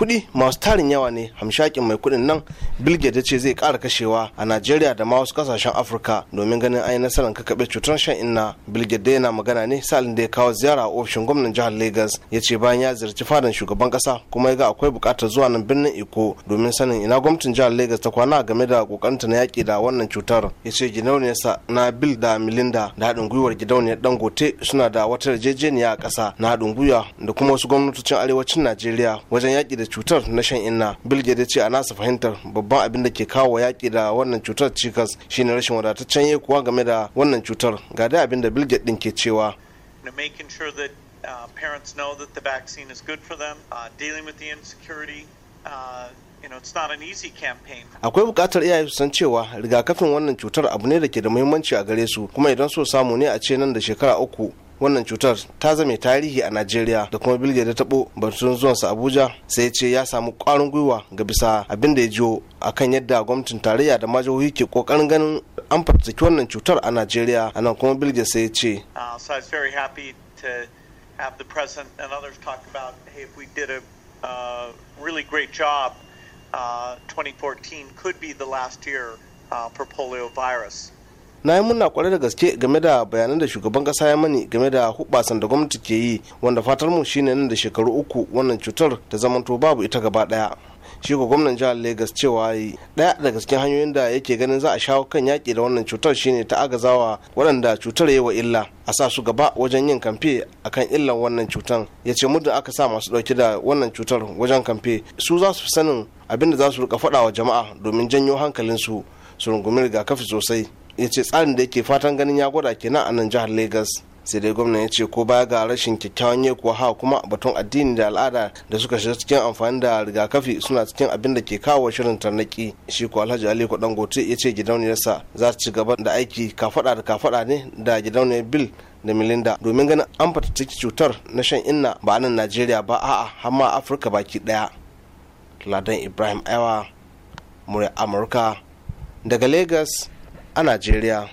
kuɗi masu tarin yawa ne hamshakin mai kuɗin nan bill da ce zai ƙara kashewa a najeriya da ma wasu ƙasashen afirka domin ganin an yi nasarar kakaɓe cutar shan inna bill da yana magana ne salin da ya kawo ziyara a ofishin gwamnan jihar lagos ya ce bayan ya ziyarci fadan shugaban ƙasa kuma ya ga akwai buƙatar zuwa nan birnin iko domin sanin ina gwamnatin jihar lagos ta kwana game da ƙoƙarinta na yaƙi da wannan cutar ya ce gidauniyarsa na bil da milinda da haɗin gwiwar gidauniyar dangote suna da wata yarjejeniya a ƙasa na haɗin gwiwa da kuma wasu gwamnatocin arewacin najeriya wajen yaƙi da cutar na shan inna bill gates ce a nasa fahimtar babban abin da ke kawo yaƙi da wannan cutar cikas shine rashin wadataccen yi kuwa game da wannan cutar ga da abin da bill gates din ke cewa Akwai bukatar iyaye su san cewa rigakafin wannan cutar abu ne da ke da muhimmanci a gare su kuma idan so samu ne a ce nan da shekara uku wannan cutar ta zame tarihi a najeriya da kuma bilge da tabo batun zuwansa abuja sai ya ce ya samu kwarin gwiwa ga bisa abin da ya jiyo akan yadda gwamnatin tarayya da majihohi ke kokarin ganin an fataki wannan cutar a najeriya a nan kuma bilge sai ya ce uh, the a uh, 2014 uh, could be the last year uh, for polio virus na yi muna kware da gaske game da bayanan da shugaban kasa ya mani game da hubasan da gwamnati ke yi wanda fatar mu shine nan da shekaru uku wannan cutar ta zamanto babu ita gaba daya shi ko gwamnan jihar lagos cewa yi daya daga cikin hanyoyin da yake ganin za a shawo kan yaƙi da wannan cutar shine ta agazawa waɗanda cutar yi wa illa a sa su gaba wajen yin kamfe akan illan wannan cutar ya ce muddin aka sa masu ɗauke da wannan cutar wajen kamfe su za su sanin abinda za su rika faɗa wa jama'a domin janyo hankalinsu su rungumi rigakafi sosai ya ce tsarin da yake fatan ganin ya gwada kenan a nan jihar lagos sai dai gwamna ya ce ko baya ga rashin kyakkyawan ya kuwa ha kuma batun addini da al'ada da suka shiga cikin amfani da rigakafi suna cikin abin da ke kawo shirin tarnaki shi ko alhaji aliko dangote ya ce gidauniyarsa za su ci gaba da aiki kafada da kafada ne da gidauniyar bill da melinda domin ganin an fata ciki cutar na shan inna ba nan najeriya ba a'a har ma afirka baki daya ladan ibrahim aiwa murya amurka daga lagos 啊，若吉利亚。